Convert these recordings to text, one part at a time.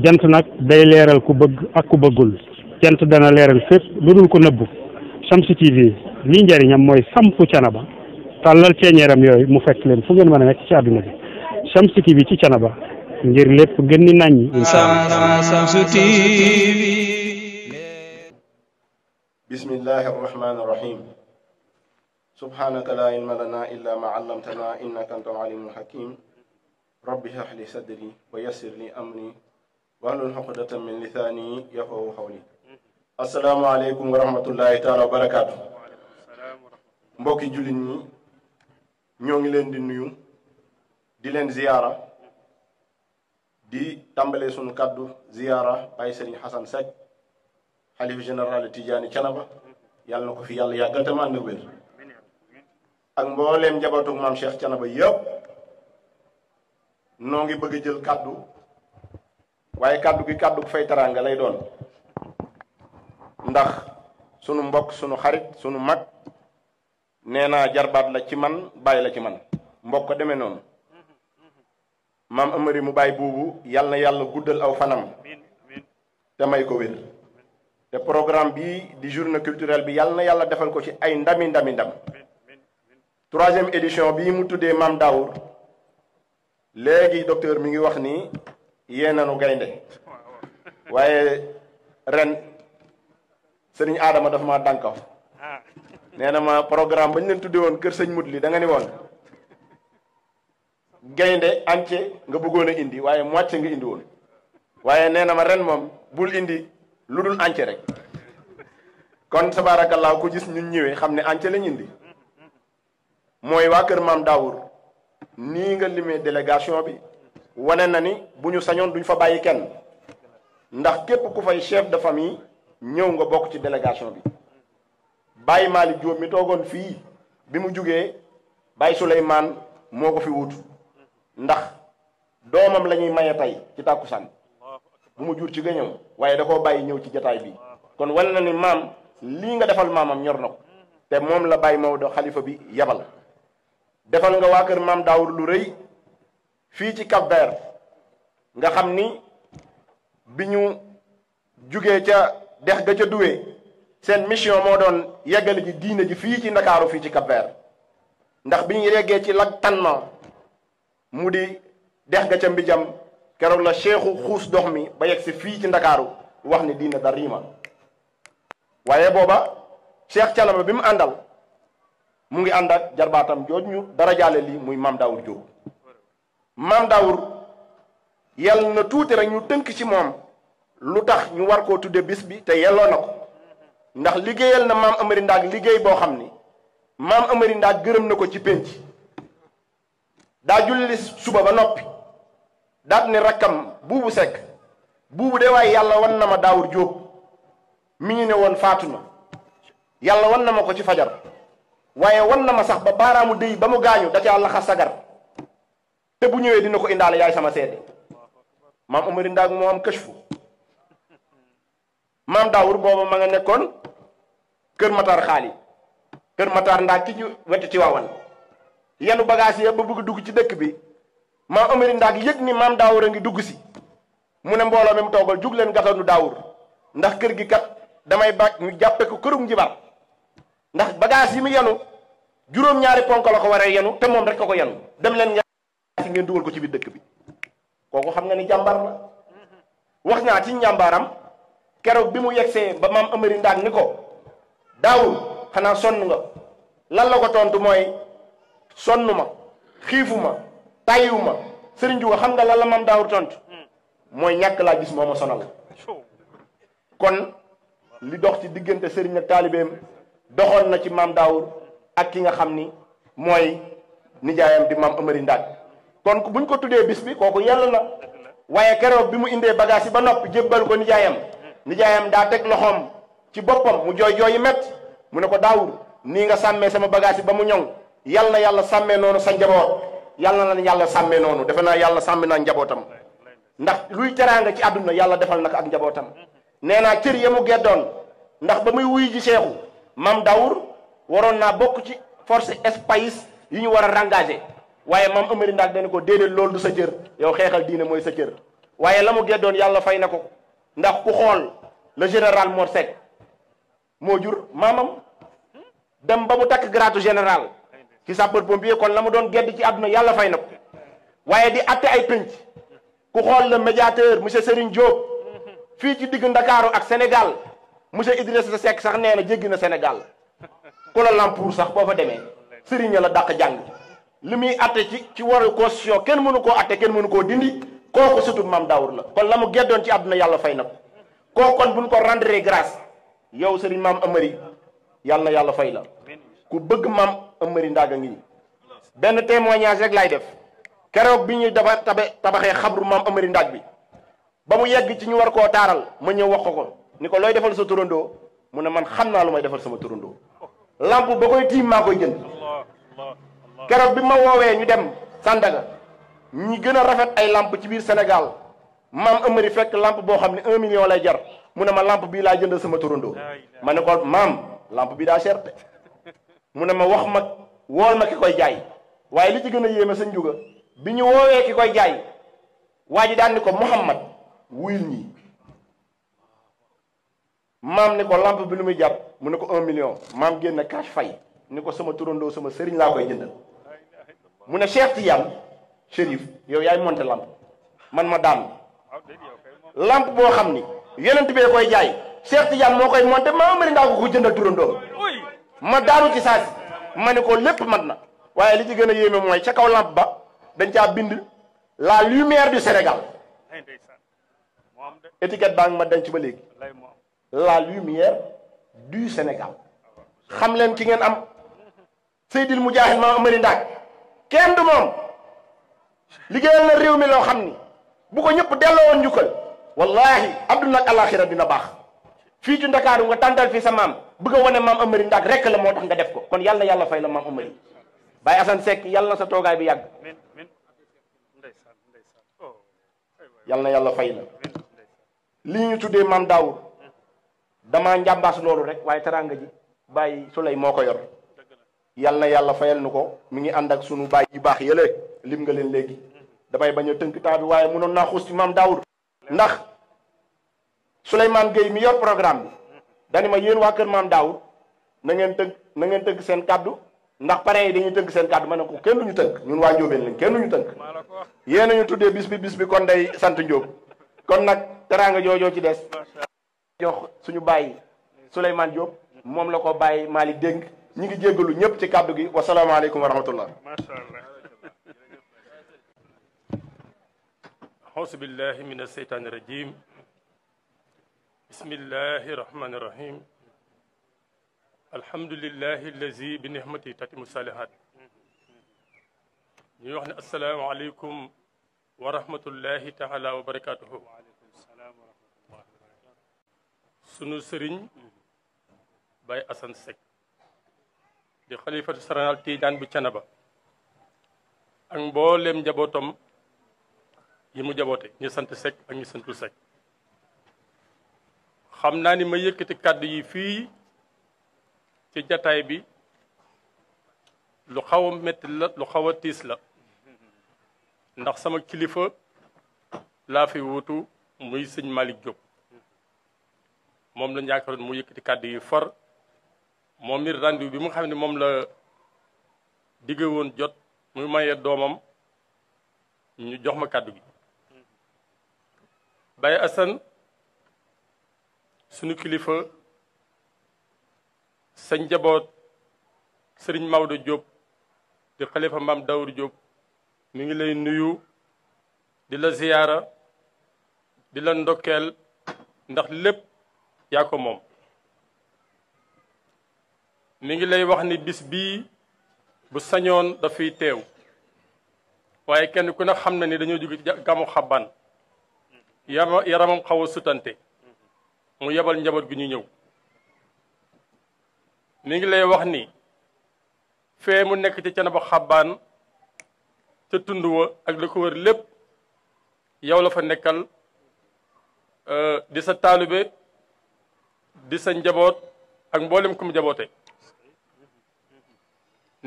jant nag day leeral ku bëgg ak ku bëggul jant dana leeral fépp lu dul ko nëbbu Shamsu TV li njëriñam mooy sampu canaba tàllal ceeñeeram yooyu mu fekk leen fu ngeen mën a nekk ci àdduna bi Shamsu TV ci canaba ngir lépp gën ni nañ Shamsu bismillahi arrahmani arrahim subhanaka la ilma lana illa ma allamtana innaka antal alimul hakim rabbi hahli sadri wa yassir li amri wahlul uqdatan min lisaani yafqahu qawli asalaamaaleykum wa rahmatullahi taala wa barakaatu mbokki jullit ñi ñoo ngi leen di nuyu di leen ziyaara di tàmbalee sunu kàddu ziyaara bàyyi sëriñ Xasan Seck xalif général Tidiane Canaba yàlla ko fi yàlla yàggal te ma ànd wér ak mbooleem njabootu maam Cheikh Canaba yëpp noo ngi bëgg a jël kàddu waaye kàddu gi kàddu fay taraanga lay doon ndax sunu mbokk sunu xarit sunu mag nee naa jarbaat la ci man bàyyi la ci man mbokk ko demee noonu maam amari mu bàyyi buubu yàlla na yàlla guddal aw fanam te may ko wér te programme bii di journée culturel bi yàlla na yàlla defal ko ci ay ndami ndami ndam troisième édition bii mu tuddee maam Daour léegi docteur mi ngi wax ni yée nanu gaynde waaye ren sëriñ Adama dafa ma dànkaw nee na ma programme ba ñu leen tudde woon kër sëñ mut li da nga ni woon gaynde ance nga bëggoon a indi waaye moitié nga indi woon waaye nee ma ren moom bul indi lu dul ance rek kon tabaarakallaa ku gis ñun ñëwee xam ne ance lañ indi mooy waa kër maam Daawur nii nga limee délégation bi wane na ni bu ñu sañoon duñ fa bàyyi kenn ndax képp ku fay chef de famille ñëw nga bokk ci délégation bi bàyyi Malick Diop mi toogoon fii bi mu jugee Baye Souleymane moo ko fi wut ndax doomam lañuy ñuy maye tey ci tàkkusaan bu mu jur ci ga waaye da koo bàyyi ñëw ci jataay bi kon wane na ni maam lii nga defal maamam ñor na ko te moom la Baye Maodo xalifa bi yabal defal nga waa kër maam Daawur lu rëy fii ci Cap nga xam ni bi ñu jugee ca dex ga ca duwe seen mission moo doon yeggali ji diine ji fii ci ndakaaru fii ci Cap ndax bi ñu yeggee ci lag tanma mu di dex ga ca mbijam keroog la seexu xuus dox mi ba yegg si fii ci ndakaaru wax ni diine da riima waaye booba cheikh calama bi mu àndal mu ngi ànd ak jarbaatam jooj ñu dara jaale lii muy Mame Daoud Diop maam Daawur yàlla na tuuti rek ñu tënk ci moom lu tax ñu war koo tudde bis bi te yelloo na ko ndax liggéeyal na maam Amari Ndaag liggéey boo xam ni maam Amari Ndaag gërëm na ko ci pénc daa julli suba ba noppi daat ni rakkam buubu sekk buubu de waaye yàlla wan na ma Daawur Jóob mu ñu ne woon faatu na yàlla wan na ma ko ci fajar waaye wan na ma sax ba baaraamu dëy ba mu gaañu da caa laxa sagar te bu ñëwé dina ko indal yaay sama seede Mam umar ndag mo am kashfu Mam dawur bobu ma nga nekkon Kër Matar xali Kër Matar nda ci ñu ci wawan yenu bagage yi ya ba bëgg dugg ci dëkk bi ma umar ndag yëg ni mam dawur nga dugg si mu ne mbolo mi togal jug leen nu dawur ndax kër gi kat damay bàcc ñu jappé ko kërum jibar ndax bagage yi mu yenu juroom ñaari ponk la ko waré yenu te mom rek ko ko yenu dem leen ci ngeen dugal ko ci biir dëkk bi kooku xam nga ni jàmbaar la wax naa ci njàmbaaram keroog bi mu yegsee ba maam Amari Ndaak ni ko daawul xanaa sonn nga lan la ko tontu mooy sonn ma xiifu ma tàyyiwu ma sëriñ Juga xam nga lal la maam daawur tontu mooy ñàkk laa gis moo ma sonal kon li dox ci diggante sëriñ ak taalibeem doxoon na ci maam daawur ak ki nga xam ni mooy nijaayam di maam Amari Ndaak kon buñ ko tuddé bis bi koku yalla na waye kéro bi mu indé bagage ba nopi jébbal ko nijaayam nijaayam da tek loxom ci bopam mu joy joy met mu ne ko dawur ni nga samé sama bagage bamu ba mu ñong yalla yalla samé nonu yalla sa njaboot yalla na yalla samé nonu noonu na yalla yàlla sàmmee naa ndax luy teranga ci aduna yalla defal nak ak njabotam nee cër yamu mu ndax ba muy wuy ji cheikhou mam dawur waron na ci force espace yi ñu wara rangager waaye maam Amari Ndaak dañu ko déedéet loolu du sa cër yow xeexal diine mooy sa cër waaye la mu geddoon yàlla fay na ko ndax ku xool la général Mor Seck moo jur maamam dem ba mu takk gratu général ci sapeur pompier kon la mu doon gedd ci àdduna yàlla fay na ko waaye di atte ay pénc ku xool le médiateur monsieur Serigne Diop fii ci digg Ndakaaru ak Sénégal monsieur Idrissa Seck sax nee na jéggi na Sénégal ku la lampour sax boo fa demee Serigne la dàq jàng li muy atte ci ci waru constitution kenn mënu koo atte kenn mënu koo dindi kooku surtout maam Daawur la kon la mu geddoon ci àdduna yàlla fay na ko kooku kon buñ ko rendre grâce yow sëriñ maam Amary yàlla na yàlla fay la ku bëgg maam Amary Ndaga ngi benn témoignage rek laay def keroog bi ñuy dafa tabe tabaxee xabru maam Amary Ndaag bi ba mu yegg ci ñu war koo taaral ma ñëw wax ko ko ni ko looy defal sa turandoo mu ne man xam naa lu may defal sama turandoo lamp keroog bi ma woowee ñu dem Sandaga ñi gën a rafet ay làmp ci biir senegal maam Amari fekk lamp boo xam ne un million lay jar mu ne ma làmp bii laa jënd sama turandoo ma ne maam lamp bi daa cher ne ma wax ma wool ma koy jaay waaye li ci gën a yéeme sa njuga bi ñu woowee ki koy jaay waa ji daan ni ko Muhammad wuyul ñi maam ni ko bi lu muy jàpp mu ne ko un million maam génn cash fay ni ko sama turandoo sama sëriñ laa koy jëndal mu ne Cheikh Tiyam Chérif yow yaay monter lamp man ma daan lamp bo xamni ni yonent koy jaay Cheikh Tiyam mo koy monter ma mari ndaa ko ko jëndal ma daru ci sax maniko lepp matna waye li ci gëna a moy ci kaw lamp ba dañ ca bind la lumière du Sénégal etiquette bank ma dañ ci ba légui la lumière du Sénégal xam leen ki ngeen am Seydil Mujahid ma mari ndaak kenn du moom liggéeyal na réew mi loo xam ni bu ko ñëpp delloo woon njukkal wallahi àdduna ak alaxira dina baax fii ci ndakaaru nga tàntal fii sa maam bëgg a wane maam amari ndaak rek la moo tax nga def ko kon yàlla yàlla fay la maam amari Baye Assane Seck yàlla sa toogaay bi yàgg oh, yàlla na yàlla fay la lii ñu tuddee maam Daawur damaa njàmbaas loolu rek waaye teraanga ji Baye Souley moo ko yor yal yalla fayal nuko mi ngi ànd ak sunu baay yu bax yele lim nga len legi damay bañ a tënk temps bi waaye mënoon naa xuus ci maam Daoud ndax sulayman Gueye mi yor programme bi dani ma yeen wa keur mam Daoud na ngeen teunk na ngeen teunk sen kàddu ndax pare yi dañuy teunk sen kàddu manako kenn duñu teunk ñun wa lañ kenn duñu teunk ñu bis bi bis bi kon day sante kon nak teranga jojo ci dess jox suñu sulayman job mom la ko malik deng ñu ngi jéggalu ñëpp ci kàddu gi wasalaamaaleykum wa rahmatullah macha allah auzu billahi min aseytaani rajim bismillahi rahmani rahim alhamdulillahi allazi bi nihmati tatimu salihat ñuy wax ne asalaamaaleykum wa rahmatullahi taala wa barakatuhu sunu sëriñ Baye Assane Seck di xalifatu saranal tiijaan bu ba ak mbooleem njabootam yi mu jaboote ñu sant Seck ak ñu santul xam naa ni ma yëkkati kàddu yi fii ci jataay bi lu xaw a metti la lu xaw a tiis la ndax sama kilifa laa fi wutu muy sëñ Malick Diop moom lañ yaakaaroon mu yëkkati kàddu yi far moom it rendu bi mu xam ne moom la digge woon jot muy maye doomam ñu jox ma kàddu gi Baye Assane suñu kilifa sa njaboot sëriñ Maodo jóg di xalifa Maam Dawur Diop mi ngi lay nuyu di la ziyaara di la ndokkeel ndax lépp yaa ko moom mi ngi lay wax ni bis bii bu sañoon dafay teew waaye kenn ku ne xam na ni dañoo jóge gamu xaban yaramam xaw a sutante mu yebal njaboot gi ñu ñëw mi ngi lay wax ni fee mu nekk ci Thiénaba xabbaan ca tund wa ak la ko wër lépp yow la fa nekkal euh, di sa taalibe di sa njaboot ak mboolem ku mu jaboote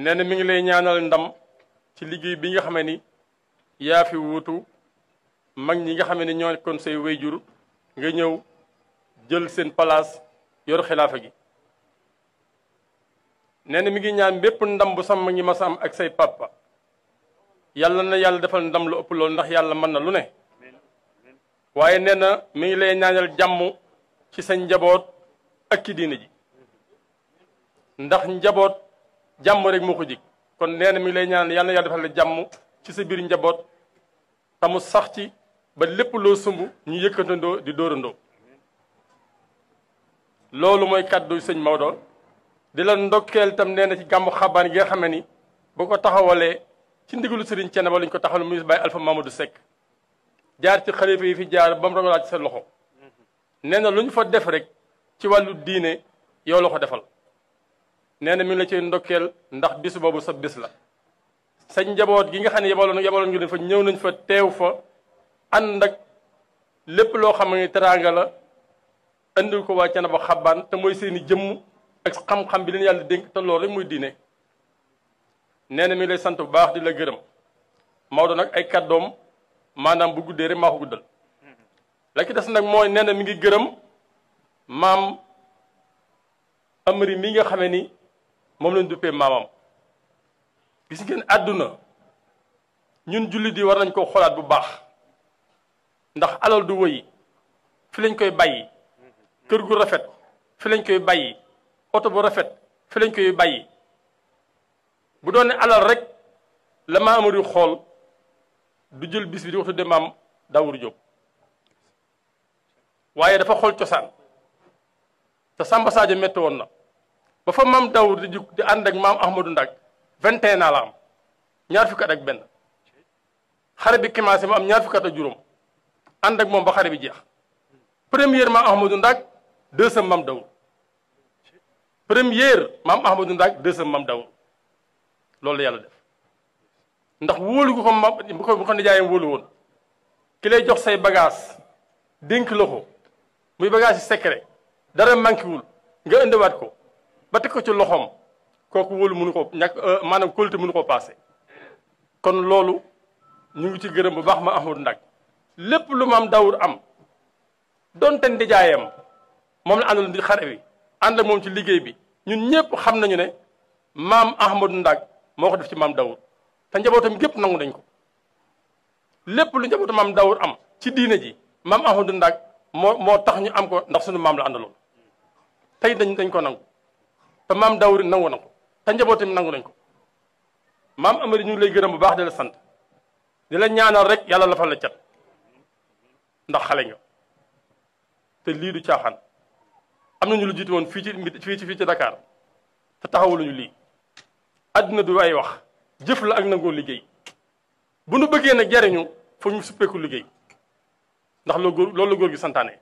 nee na mi ngi lay ñaanal ndam ci liggéey bi nga xamee ni yaa fi wuutu mag ñi nga xamee ni ñoo kon say wayjur nga ñëw jël seen palaas yor xilaafa gi nee mi ngi ñaan bépp ndam bu sama ngi masa am ak say papa yàlla na yàlla defal ndam lu ëpp loolu ndax yàlla mën na lu ne waaye nee na mi ngi lay ñaanal jàmm ci sa njaboot ak ci diina ji ndax njaboot jàmm rek moo ko jig kon nee na mi lay ñaan yal na yàlla defal la jàmm ci sa biir njaboot tamu sax ci ba lépp loo sumb ñu yëkkantandoo di dóorandoo loolu mooy kàddu sëñ Maodo di la ndokkeel tam nee na ci gàmmu xabaan gi nga xamee ni bu ko taxawalee ci ndigalu sëriñ Cene ba lañ ko taxawal muy Baye Alpha du Seck jaar ci xalifa yi fi jaar ba mu ragalaat ci sa loxo nee na lu ñu fa def rek ci wàllu diine yow la ko defal nee na mi ngi la cay ndax bis boobu sa bis la sañ njaboot gi nga xam ne yabaloon yabaloon ngi fa ñëw nañ fa teew fa ànd lépp loo xam ne teraanga la andil ko waa Thiénaba xabaan te mooy seeni jëmm ak bi leen yàlla dénk te loolu rek muy diine nee na mi lay sant bu baax di la gërëm Maodo nag ay kàddoom maanaam bu guddee rek maa guddal la des nag mooy nee na mi ngi gërëm maam amri mii nga xamee ni moom lañ duppee maamam gis ngeen àdduna ñun jullit yi war nañ ko xoolaat bu baax ndax alal du wëy fi lañ koy bàyyi kër gu rafet fi lañ koy bàyyi oto bu rafet fi lañ koy bàyyi bu doon ne alal rek la maamari xool du jël bis bi di waxtu de maam Daawur Jóob waaye dafa xool cosaan te Samba Sadio métti woon na ba fa maam Daoud di di ànd ak maam Ahmadou Ndak 21 ans la am ñaar fukki at ak benn xare bi commencé mu am ñaar fukki ak juróom ànd moom ba xare bi jeex première maam Ahmadou Ndak deuxième maam Daoud première maam Ahmadou Ndak deuxième maam Daoud loolu la yàlla def ndax wóolu gu ko maam bu ko bu wóolu woon ki lay jox say bagage dénk loxo muy bagage yi secret dara manqué wul nga indiwaat ko. ba teg ko ci loxoom kooku wóolu mënu ko ñàkk euh, maanaam kóolute mënu ko paase. kon loolu ñu ngi ci gërëm bu baax ma amul ndag lépp lu maam Daawuda am donte ndijaayam moom la àndal di xare bi ànd moom ci liggéey bi ñun ñëpp xam nañu ne maam Ahmadou Ndak moo ko ci maam Daawuda te njabootam gépp nañ ko lépp lu njabootu maam Daawuda am ci diine ji maam Ahmadou Ndak moo moo tax ñu am ko ndax suñu maam la àndaloon tey dañ dañ ko nangu te maam Daawur nangu na ko te njabootam nangu nañ ko maam Amari ñu ngi lay gërëm bu baax di sant di la ñaanal rek yàlla la la cat ndax xale nga te lii du caaxaan am na ñu lu jiit woon fii ci fii ci fii ci Dakar te taxawuluñu lii. àdduna du ay wax jëf la ak nangoo liggéey bu nu bëggee nag jariñu fu ñu suppeeku liggéey ndax loo góor loolu la góor gi santaane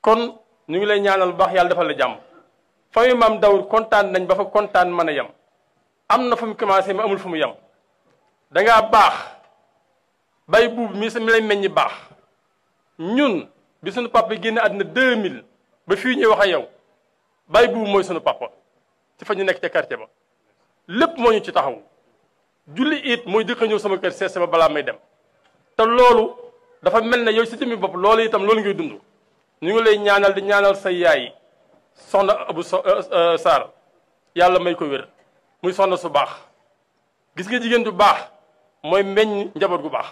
kon ñu ngi lay ñaanal bu baax yàlla dafa la jàmm. fa famille maam Daoud kontaan nañ ba fa kontaan mën a yem am na fu mu commencé mais amul fu mu yem dangaa baax bay buub mi sa mi lay meññi baax ñun bi suñu papa génne àddina 2000 ba fii ñuy wax ak yow bay buub mooy suñu papa ci fa ñu nekk ca quartier ba lépp moo ñu ci taxaw julli it mooy dëkk ñëw sama kër seet sama balaa may dem te loolu dafa mel ne yow si jëmmi bopp loolu itam loolu ngay dund ñu ngi lay ñaanal di ñaanal say yaay yi soxna abu euh, euh, saar yàlla may ko wér muy soxna su baax gis nga jigéen ju baax mooy meññ njaboot gu baax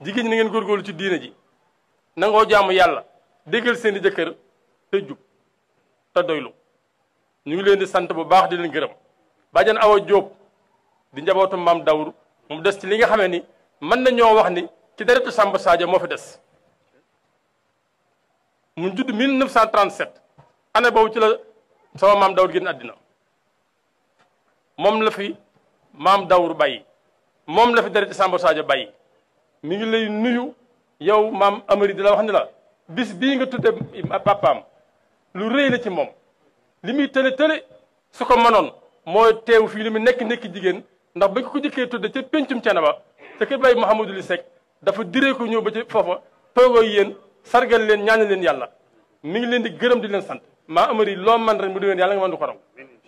jigéen ñi na ngeen góorgóorlu ci diina ji nangoo jaamu yàlla déggal seeni jëkkër te jub te doylu ñu ngi leen di sant bu baax di leen gërëm bàjjan Awa Jóob di njabootu maam dawru mu des ci li nga xamee ni mën na ñoo wax ni ci deretu Samba Sadio moo fi des mu judd 1937 ane boobu ci la sama maam dawur génn àddina moom la fi maam dawur bàyyi moom la fi deret sambo Sadio bàyyi mi ngi lay nuyu yow maam Amari di la wax ni la bis bii nga tudde papaam lu rëy la ci moom li muy tële tële su ko mënoon mooy teew fii li mu nekk nekk jigéen ndax bañ ko jëkkee tudde ca péncum Thiénaba te ki bàyyi Mouhamadou li Seck dafa diree ko ñëw ba ci foofa toogoo yéen sargal leen ñaanal leen yàlla mi ngi leen di gërëm di leen sant maa amari loo man ren bu déwén yàlla nga mën du ko raw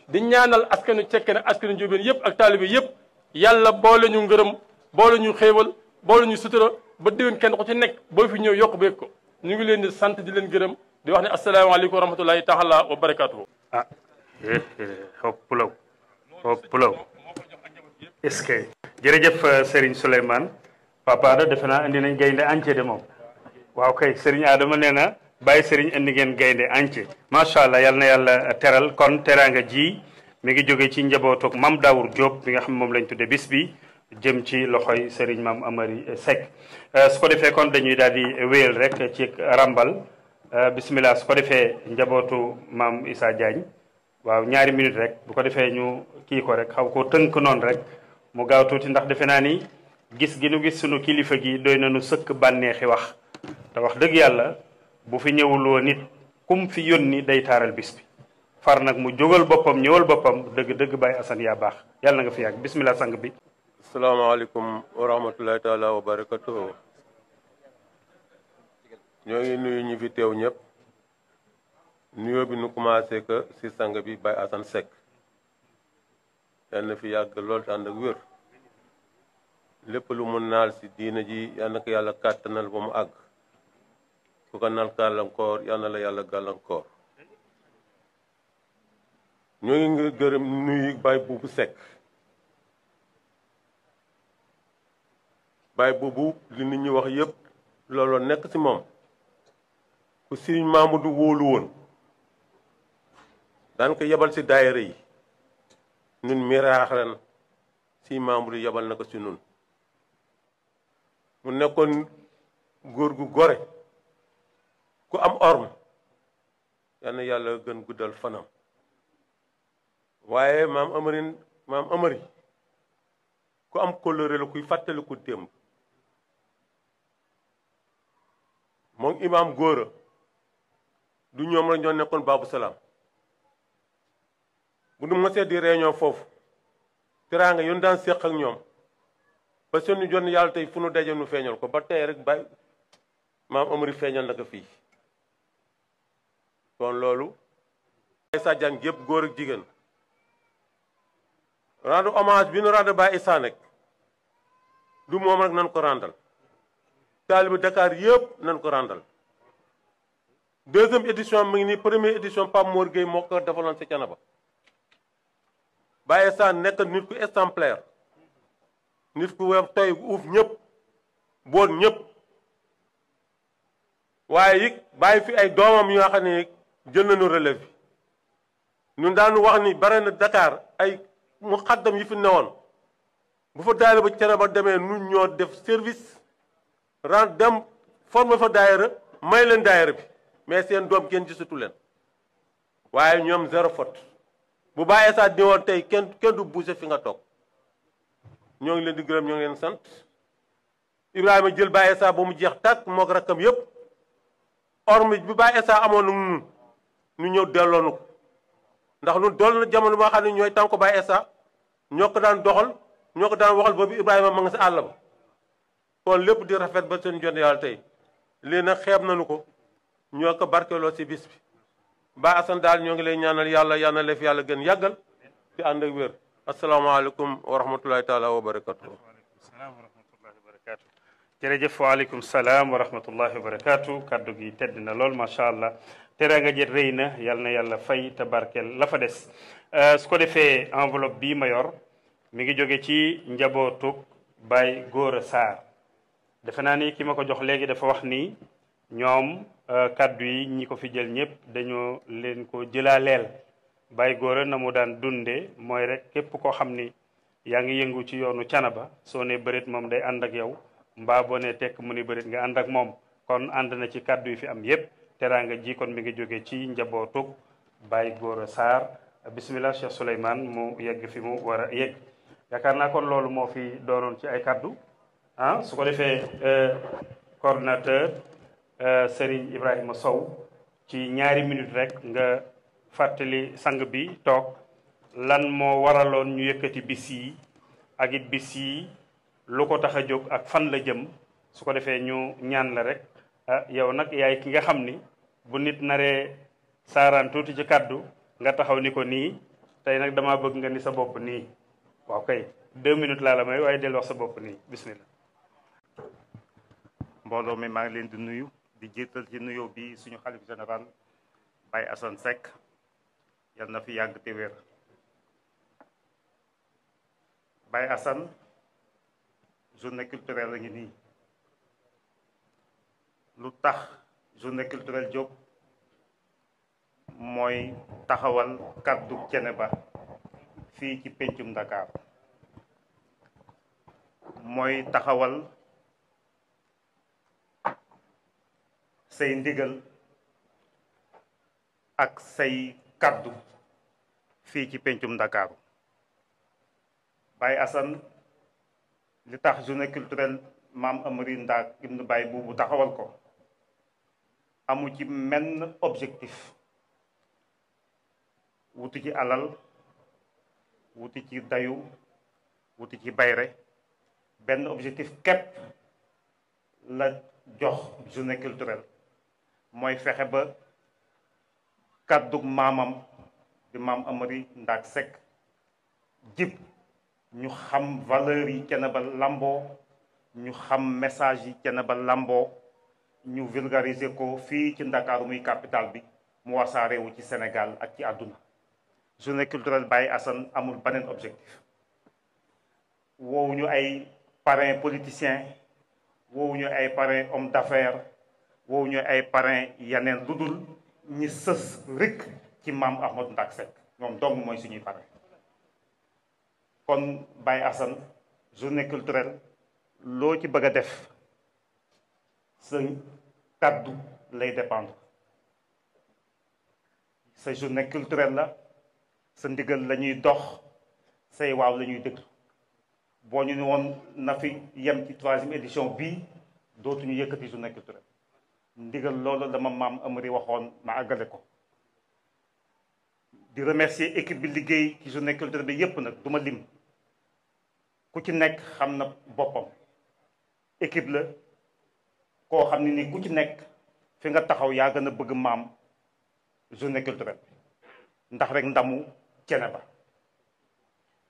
di ñaanal askanu cekke ne askanu njóobeen yëpp ak taalibe yëpp yàlla boole ñu ngërëm boole ñu xéewal boole ñu sutura ba déwén kenn ko ci nekk boo fi ñëw yokk beeg ko ñu ngi leen di sant di leen gërëm di wax ne asalaamaaleykum wa rahmatulahi taala wa barakaatu. ah hoppulaw hoppulaw est-ce que jërëjëf euh, Serigne Souleymane papa da defe naa indi nañ gaynde entier de moom waaw kay Serigne Adama nee bàyyi sëriñ indi ngeen gaynde ance macha allah yal na yàlla teral kon teraanga ji mu ngi jóge ci njabootu mam Daawur Diop mi nga xam moom lañ tudde bis bi jëm ci loxoy sëriñ maam Amari Seck euh, su ko defee kon dañuy daal di wéyal rek ci ràmbal euh, bismillah su ko defee njabootu mam isaa Diagne waaw ñaari minute rek bu ko defee ñu kii ko rek xaw ko tënk noonu rek mu gaaw tuuti ndax defe naa ni gis gi nu gis sunu kilifa gi doy na nu sëkk bànneexi wax te wax dëgg yàlla bu fi ñëwuloo nit kum fi yónni day taaral bis bi far nag mu jógal boppam ñëwal boppam dëgg-dëgg bay asan yaa baax yàlla nga fi yàgg bismillah sang bi asalaamaaleykum wa rahmatullahi taala wa barakatuhu ñoo ngi nuyu ñi fi teew ñëpp nuyo bi nu commencé que si sang bi bay Assane Seck yal fi yàgg lool te ak wér lépp lu mu naal si diina ji yal na ko yàlla kàttanal ba mu àgg ku ko nal gàllankoor yal la yàlla gàllankoor ñoo ngi nga gërëm nuyu baay buubu sekk bay buubu li nit ñi wax yépp looloo nekk ci moom ku Sëriñ Maamadu wóolu woon daan ko yebal ci daayira yi ñun miraax ren Sëriñ Maamadu yebal na ko ci nun mu nekkoon góor gu gore am orm yal yàlla gën guddal fanam waaye maam amarin maam amari ku am kóllëre la kuy fàttaliku démb moom imaam góora du ñoom la ñoo nekkoon baabu salaam bu nu mosee di réunion foofu teraanga yoon daan séq ak ñoom ba seen ñu jonn yàlla tey fu nu daje nu feeñal ko ba tey rek bàyyi maam amari feeñal na ko fii kon loolu ay sàjjan gépp góor ak jigéen rendre hommage bi nu rendre Baye Issa nag du moom rek nan ko ràndal taalibu Dakar yëpp nan ko rendal deuxième édition mi ngi nii première édition Pape Mor Gueye moo ko defaloon ci Thiénaba Baye Issa nekk nit ku exemplaire nit ku toy uuf ñëpp boot ñëpp waaye it bàyyi fi ay doomam yu nga xam jël nañu relève bi ñun daanu wax ni bare na Dakar ay mu xaddam yi fi newoon bu fa daayira ba cere ba demee nun ñoo def service ren dem former fa daayira may leen daayira bi mais seen doom kenn gisatu leen waaye ñoom zéro faute bu bàyyee saa di woon tey kenn kenn du bougé fi nga toog ñoo ngi leen di gërëm ñoo ngi leen sant Ibrahima jël bàyyee saa ba mu jeex tàkk mook rakkam yépp ormi bi bàyyee saa amoon na ñu ñëw delloonu ko ndax ñun dool na jamono ba xam ne ñooy tànk ko Baye ñoo ko daan doxal ñoo ko daan waxal boobu Ibrahima ma nga sa àll ba kon lépp di rafet ba seen jot yàlla tey lii nag xeeb nañu ko ñoo ko barkeloo ci bis bi Baye Assane daal ñoo ngi lay ñaanal yàlla yàlla na fi yàlla gën yàggal fi ànd ak wér asalaamaaleykum wa rahmatulahi taala wa barakatuh jërëjëf waaleykum salaam wa rahmatullahi wa barakaatu kaddu gi tedd na lool macha allah teraa nga jët rëy na yal na yàlla fay te barkeel la fa des euh, su ko defee enveloppe bii ma yor mi ngi jóge ci njabootu Baye Gora Sarr defe naa ni ki ma ko jox léegi dafa wax nii ñoom euh, kàddu yi ñi ko fi jël ñëpp dañoo leen ko jëlaaleel Baye Gora na mu daan dunde mooy rek képp koo xam ni yaa ngi yëngu ci yoonu cana ba soo ne bërit moom day ànd ak yow mba boo ne tekk mu ni nga andak ak kon and na ci kaddu fi am yeb teranga ji kon mi ngi jóge ci njabootug Baye Gora sar bismillah Cheikh souleyman mu yegg fi mu wara yegg yakarna kon lolu mo fi doron ci ay kaddu ah su ko euh coordinateur euh, Serigne Ibrahima Sow ci ñaari minute rek nga fàttali sang bi tok lan mo waralon ñu yëkkati bisi ak it lu ko tax a jóg ak fan la jëm su ko defee ñu ñaan la rek ah, yow nag yaay ki nga xam ni bu nit naree saaraan tuuti ci kàddu nga taxaw ni ko nii tey nag dama bëgg nga ni sa bopp nii waaw kay deux minutes laa la may waaye del wax sa bopp nii bismillah mbooloo mi maa ngi leen di nuyu di jiital ci nuyoo bi suñu xalif général bay Assane sek yal na fi yàgg te wér bay Assane journée culturelle la ngi nii lu tax journée culturelle Diop mooy taxawal kàddu Thiénaba fii ci péncum Dakar mooy taxawal say ndigal ak say kàddu fii ci pencum Dakar Baye Assane li tax journée culturelle maam Amary Ndak ibnu Baye boobu taxawal ko amu ci menn objectif wuti ci alal wuti ci dayu wuti ci bayre benn objectif képp la jox journée culturel mooy fexe ba kàddug maamam di maam Amary Ndak Seck jib ñu xam valeur yi ba lambo ñu xam message yi ba lambo ñu vulgariser ko fii ci Ndakaaru muy capital bi mu wasaare wu ci Sénégal ak ci àdduna journée culturelle Baye Assane amul beneen objectif woowuñu ay parrain politicien woowuñu ay parrain homme d'affaires woowuñu ay parrain yeneen lu ñi sës rek ci maam Ahmadou Ndak Seck ñoom dong mooy suñuy parrain kon bay asan journée culturelle lo ci bëgg def sa kàddu lay dépendre sa journée culturelle la sa ndigal lañuy dox say waaw lañuy ñuy boo ñu ne na fi yem ci troisième édition bii dootuñu yëkkati journée culturelle ndigal loolu dama maam Amari waxoon ma àggale ko di remercier équipe bi liggéey ci journée culturelle bi yépp nag lim ku ci nekk xam na boppam équipe la koo xam ne ni ku ci nekk fi nga taxaw yaa gën a bëgg maam journée culturelle ndax rek ndamu cene ba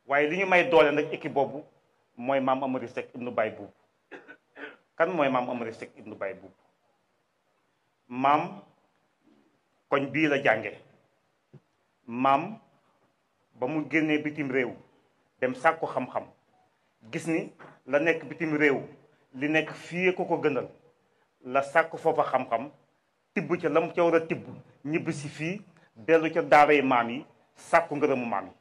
waaye li ñu may doole nag équipe boobu mooy maam Amary Seck ibnu Baye Boubou kan mooy maam Amary Seck ibnu Baye Boubou maam koñ bii la jànge maam ba mu génnee bitim réew dem sàkku xam-xam gis ni la nekk bitim réew li nekk fii ko ko gënal la sàkk foofa xam-xam tibb ca la mu ca war a tibb ñibbisi si fii dellu ca daaray maam yi sàkku ngërëmu maam yi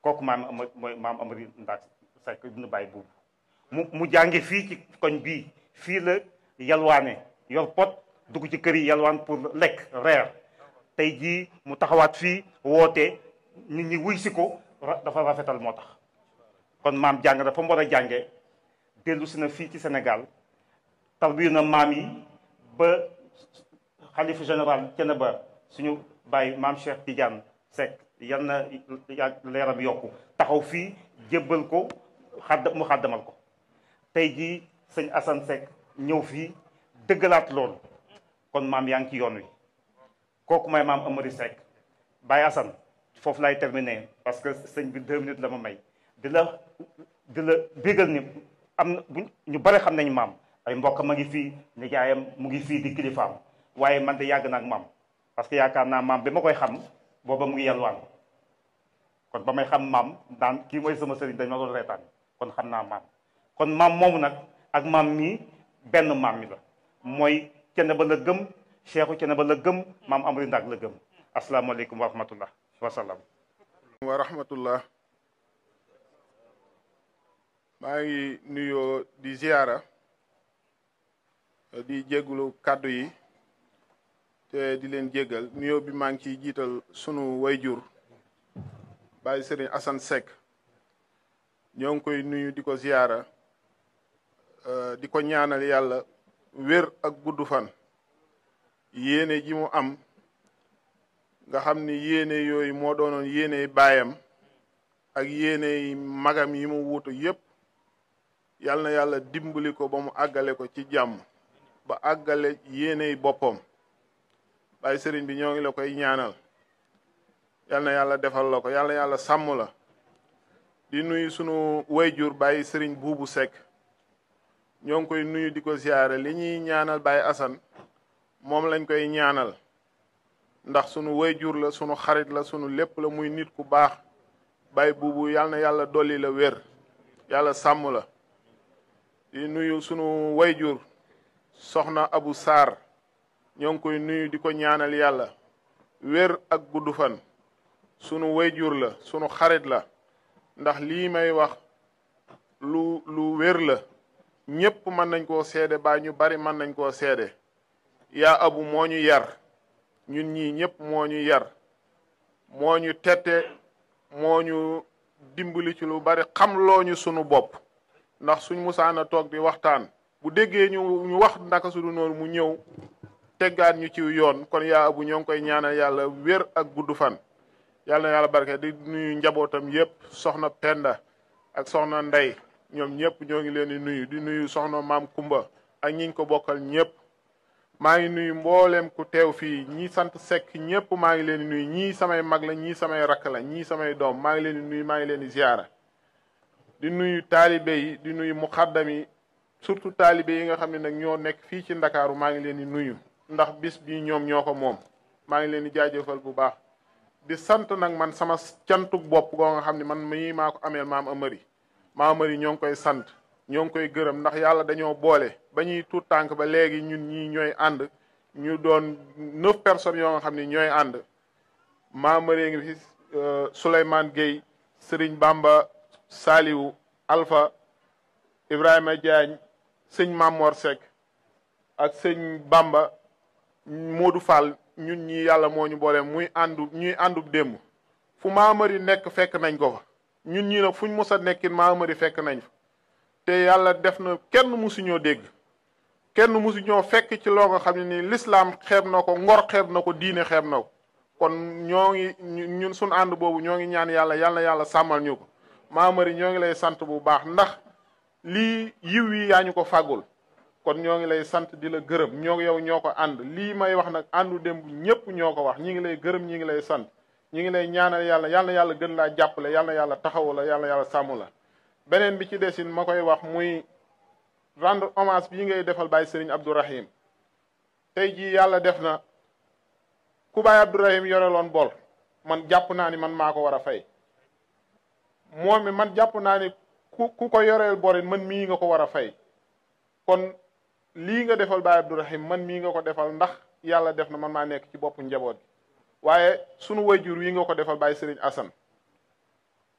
kooku maam ama mooy maam amari ndaak sàkk dina bàyyi buubu mu mu jànge fii ci koñ bii fii la yalwaane yor pot dugg ci kër yi yalwaan pour lekk reer tey jii mu taxawaat fii woote nit ñi wuy si ko dafa rafetal moo tax kon maam jàng dafa mu war a jànge dellusi na fii ci Sénégal tarbiyu na maam yi ba xalifa général jëne ba suñu bàyyi maam Cheikh Tidiane Seck yal na yokku taxaw fii jébbal ko xadd mu xàddamal ko tey ji sëñ Assane Seck ñëw fii dëggalaat loolu kon maam yaa ngi ci yoon wi kooku may maam Amary Seck Baye Assane foofu lay terminer parce que sëñ bi deux minutes la ma may di la di la bégal ni am na bu ñu bare xam nañ maam ay mbokk ma ngi fi nijaayam mu ngi fii di kilifaam waaye man de yàgg na ak maam parce que yaakaar naa maam bi ma koy xam booba mu ngi yalwaan kon ba may xam maam daan kii mooy sama sëriñ dañ ma doon reetaan kon xam naa maam kon maam moomu nag ak maam mii benn maam mi la mooy cene ba la gëm cheikhu cene ba la gëm maam amri ndaag la gëm asalaamaaleykum wa rahmatullah wa salaam maangi nuyo di ziyara di jégglu kaddu yi te di leen jéggal nuyo bi maa ngi ciy jiital sunu wayjur bàyyi sëriñ asan sek ñoo ngi koy nuyu di ko ziyaara eh, di ko ñaanal yàlla wér ak gudd fan yéene ji mu am nga xam ni yéene yooyu moo doonoon yéeney bàyyam ak yéeney magam yi mu wuutu yépp yal na yàlla dimbali ko ba mu àggale ko ci jàmm ba àggale yéeney boppam bàyyi sëriñ bi ñoo ngi la koy ñaanal yal na yàlla defal la ko yal na yàlla sàmm la di nuyu sunu wayjur bàyyi sëriñ buubu sekk ñoo ngi koy nuyu di ko siyaare li ñuy ñaanal bàyyi asan moom lañ koy ñaanal ndax sunu wayjur la sunu xarit la sunu lépp la muy nit ku baax bay buubu yal na yàlla dolli la wér yàlla sàmm la di nuyu sunu wayjur soxna Abu Sarr ñoo ngi koy nuyu di ko ñaanal yàlla wér ak gudd fan sunu wayjur la sunu xarit la ndax lii may wax lu lu wér la ñépp mën nañ koo seede ba ñu bari mën nañ koo seede yaa abu moo ñu yar ñun ñii ñépp moo ñu yar moo ñu tette moo ñu dimbali ci lu bari xam loo ñu sunu bopp ndax suñ musaana toog di waxtaan bu déggee ñu wax naka su noonu mu ñëw teggaat ñu ci yoon kon yaa abu ñoo ngi koy ñaanal yàlla wér ak gudd fan yàlla yàlla barke di nuyu njabootam yëpp soxna Penda ak soxna Ndey ñoom ñëpp ñoo ngi leen di nuyu di nuyu soxna maam Kumba ak ñiñ ko bokkal ñëpp maa ngi nuyu mboolem ku teew fii ñii sant sekk ñëpp maa ngi leen di nuyu ñii samay mag la ñii samay rakk la ñii samay doom maa ngi leen nuyu maa ngi leen di ziyaara di nuyu taalibe yi di nuyu muqaddam yi surtout taalibe yi nga xam ne nag ñoo nekk fii ci ndakaaru maa ngi leen di nuyu ndax bis bi ñoom ñoo ko moom maa ngi leen di jaajëfal bu baax di sant nag man sama cantu bopp goo nga xam ne man mii maa ko ameel maam amari maam amari ñoo ngi koy sant ñoo ngi koy gërëm ndax yàlla dañoo boole ba ñuy tuut tànk ba léegi ñun ñi ñooy ànd ñu doon neuf personnes yoo nga xam ne ñooy ànd maam amari ngi fi euh, Souleymane Gueye Serigne Bamba Saliou Alpha Ibrahima Diagne sëñ Mamor Seck ak sëñ Bamba Modou Fall ñun ñi yàlla moo ñu boole muy àndu ñuy àndu démb fu maamari nekk fekk nañ ko fa ñun ñii nag fuñ mos a nekkin maamari fekk nañ fa te yàlla def na kenn musuñoo dégg kenn musuñoo fekk ci loo xam ne nii lislaam xeeb na ko ngor xeeb na ko diine xeeb na ko kon ñoo ngi ñun suñ ànd boobu ñoo ngi ñaan yàlla yàlla yàlla sàmmal ñu ko Maamari ñoo ngi lay sant bu baax ndax lii yiw yii yaa ñu ko fàggul kon ñoo ngi lay sant di la gërëm ñoo yow ñoo ko ànd lii may wax nag àndu démb ñëpp ñoo ko wax ñi ngi lay gërëm ñi ngi lay sant ñi ngi lay ñaanal yàlla yàlla yàlla gën laa jàppale yàlla yàlla taxawu la yàlla yàlla sàmm la beneen bi ci desin ma koy wax muy rendre hommage bi ngay defal Baye Serigne Abdourahim tey jii yàlla def na ku Baye Abdourahim yoreloon bor man jàpp naa ni man maa ko war a fay moom mi man jàpp naa ni ku ku ko yoreel borin man mii nga ko war a fay kon lii nga defal Baay Abdourahim man mii nga ko defal ndax yàlla def na man maa nekk ci boppu njaboot gi waaye sunu jur wii nga ko defal bàyyi Sëriñ Asan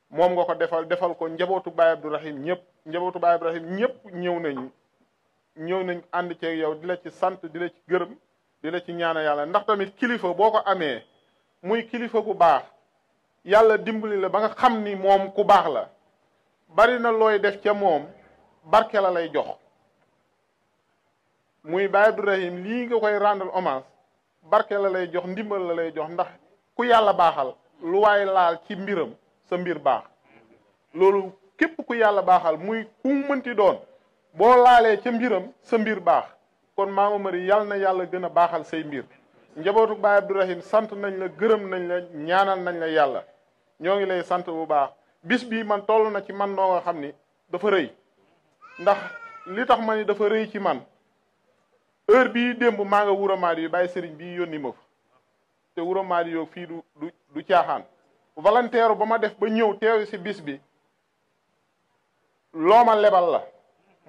moom nga ko defal defal ko njabootu Baay Abdourahim ñëpp njabootu Baay Abdourahim ñëpp ñëw nañu ñëw nañ ànd ceeg yow di la ci sant di la ci gërëm di la ci ñaana yàlla ndax tamit kilifa boo ko amee muy kilifa gu baax yàlla dimbali la ba nga xam ni moom ku baax la bari na looy def ca moom barke la lay jox muy Baye Abdourahim lii nga koy rendre hommage barke la lay jox ndimbal la lay jox ndax ku yàlla baaxal lu waay laal ci mbiram sa mbir baax loolu képp ku yàlla baaxal muy ku mënti doon boo laalee ca mbiram sa mbir baax kon maama mari yal na yàlla gën a baaxal say mbir njabootu Baye Abdourahim sant nañ la gërëm nañ la ñaanal nañ la yàlla ñoo ngi lay sant bu baax bis bii man toll na ci man noo nga xam ni dafa rëy ndax li tax ma ni dafa rëy ci man heure bii démb maa nga wuramaadi yi bàyyi sëriñ bii yónni ma fa te wuramaadi yoo fii du du du caaxaan volontaire ba ma def ba ñëw teew si bis bi loo ma lebal la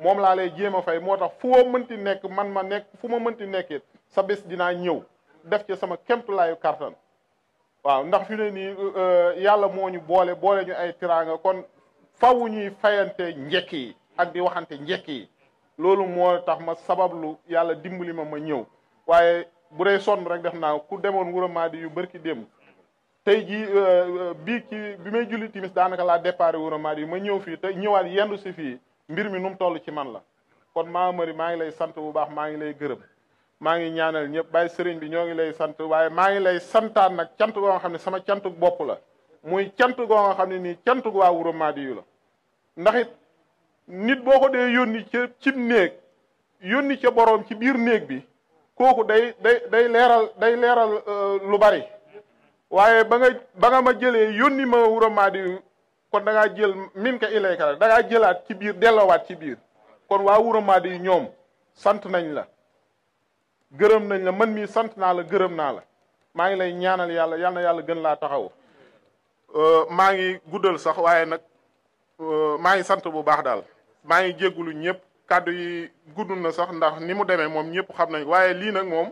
moom laa lay jéem a fay moo tax fu ma mënti nekk man ma nekk fu ma mënti nekkit sa bis dinaa ñëw def ci sama kemtulaayu kartan waaw ndax fi ne nii euh, euh, yàlla moo ñu boole boole ñu ay tiraanga kon faw ñuy fayante njekk yi ak di waxante njekk yi loolu moo tax ma sabablu yàlla dimbali ma ma ñëw waaye bu dee sonn rek def naa ku demoon Wuro Maadi yu bërki démb tey jii euh, bi ci bi may julli timis daanaka laa déparé Wuro Maadi yu ma ñëw fii te ñëwaat yendu si fii mbir mi nu mu toll ci man la kon maa mari maa ngi lay sant bu baax maa ngi lay gërëm maa ngi ñaanal ñëpp bàyyi sëriñ bi ñoo ngi lay sant waaye maa ngi lay santaan nag cant goo nga xam ne sama cantu bopp la muy cant goo nga xam ne nii cantu waa Wuro yu la ndaxit nit boo ko dee yónni ca cib néeg yónni ca boroom ci biir néeg bi kooku day day day leeral day euh, lu bari waaye ba nga ba nga ma jëlee yónni ma Wuro Madiyu kon da jël min ka ilayka da ngaa jëlaat ci biir delloowaat ci biir kon waa Wuro Madiyu ñoom sant nañ la gërëm nañ la man mii sant naa la gërëm naa la maa ngi lay ñaanal yàlla yal yàlla gën laa taxaw euh, maa ngi guddal sax waaye nag euh, maa ngi sant bu baax daal maa ngi jéggulu ñëpp kàddu yi gudd na sax ndax ni mu demee moom ñëpp xam nañ waaye lii nag moom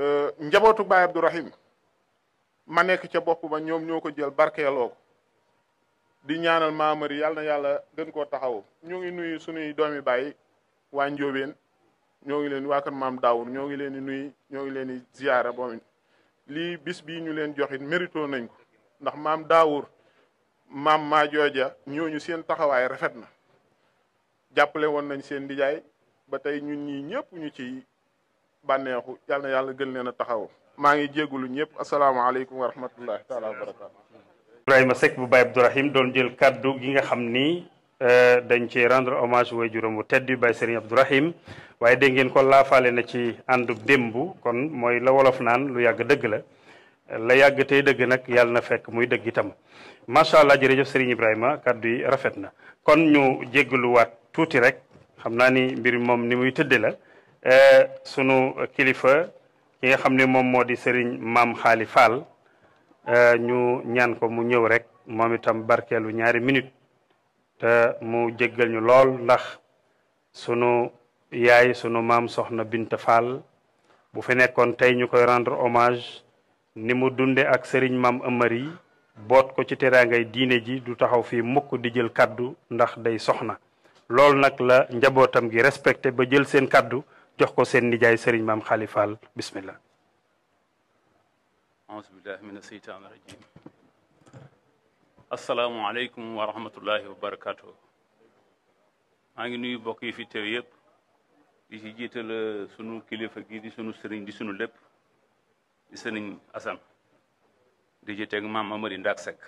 euh, njabootu Baye Abdourahim ma nekk ca bopp ma ñoom ñoo ko jël barkeeloo ko di ñaanal maamari yàlla na yàlla gën koo taxaw ñu ngi nuyu suñuy doomi baay waa Njóobeen ñoo ngi leen waa kër maam Daawur ñoo ngi leen di nuyu ñoo ngi leen di ziyaara boobu lii bis bii ñu leen joxit mérito nañ ko ndax maam Daawur maam maa jooja ñooñu seen taxawaay rafet na jàppale woon nañ seen ndijaay ba tey ñun ñii ñëpp ñu ci bànneexu yàlla na yàlla gën leen a taxaw maa ngi jégalu ñëpp asalaamaaleykum wa rahmatullahi taala wa bu Baye Abdourahim doon jël kàddu gi nga xam ni Eh, dañ ci rendre hommage way juróom wu tedd bay Serigne Abdourahim waaye dégg ngeen ko laafaale na ci kon mooy la wolof naan lu yàgg dëgg la la yàgg tey dëgg nag yàlla na fekk muy dëgg itam macha allah Serigne Ibrahima kon ñu jéggaluwaat tuuti rek xam ni mbir moom ni muy la eh, sunu kilifa ki nga xam ne di Serigne Mam xaali Fall eh, ñu ñaan ko mu ñëw rek moom itam ñaari minute te mu jéggal ñu lool ndax sunu yaay sunu maam soxna Binta Fall bu fi nekkoon tey ñu koy rendre hommage ni mu dundee ak sëriñ maam Amari boot ko ci teraangay diine ji du taxaw fii mukk di jël kàddu ndax day soxna loolu nag la njabootam gi respecté ba jël seen kàddu jox ko seen nijaay sëriñ maam Xalifaal bismillah asalaamualeykum wa rahmatullahi wa barakaatu. maa ngi nuyu mbokk yi fi teew yëpp di ci jiital uh, sunu kilifa gi di sunu sëriñ di sunu lépp di sëriñ Asan di ci teg maam Amari Ndak Seck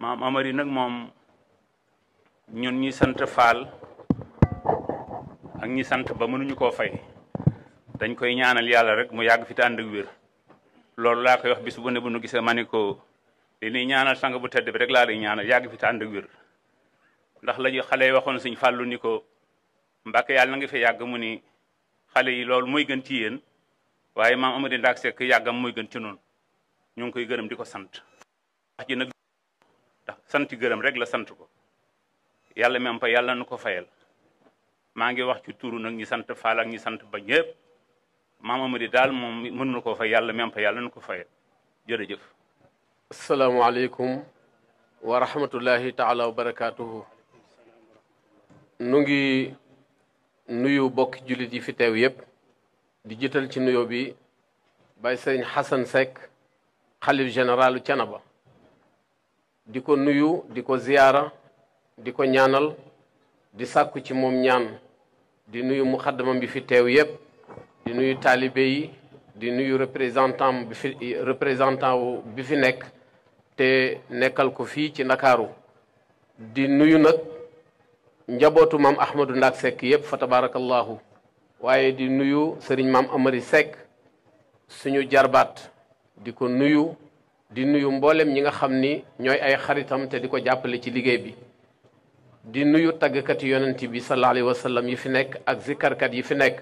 maam Amari nag moom ñun ñi sant Faal ak ñi sant ba mënuñu koo fay dañ koy ñaanal yàlla rek mu yàgg fi te ànd ak wér laa koy wax bis bu ne bu nu gisee ma ne ko di ni ñaanal sang bu tedd bi rek laa lay ñaanal yàgg fi te ànd ak ndax la ñu xale waxoon suñ fàllu ni ko yàlla na nga fi yàgg mu ni xale yi loolu muy gën ci yéen waaye maam Amady Ndaak yàggam muy gën ci noonu ñu ngi koy gërëm di ko sant. wax ji nag ndax sant gërëm rek la sant ko yàlla mi am fa yàlla na ko fayal maa ngi wax ci turu nag ñi sant Fall ak ñi sant ba ñëpp maam Amady daal moom mënu ko fa mi am fa yàlla ko fayal jërëjëf. asalaamualeykum wa rahmatullahi taala wa barakaatuhu nu ngi nuyu bokki jullit yi fi teew yépp di jiital ci nuyo bi bay sëriñ Xasan Seck xalif généralu ba di ko nuyu di ko ziyaara di ko ñaanal di sàkku ci moom ñaan di nuyu muxaddamam bi fi teew yépp di nuyu taalibe yi di nuyu représentant bi fi représentant bi fi nekk te nekkal ko fii ci ndakaaru di nuyu nag njabootu maam Ahmadou Ndaak sekk yëpp fa tabarakallahu waaye di nuyu sëriñ maam Amari sekk suñu jarbaat di ko nuyu di nuyu mboolem ñi nga xam ni ñooy ay xaritam te di ko jàppale ci liggéey bi di nuyu tàggkati yonent bi sallallahu alayhi wa yi fi nekk ak zikkarkat yi fi nekk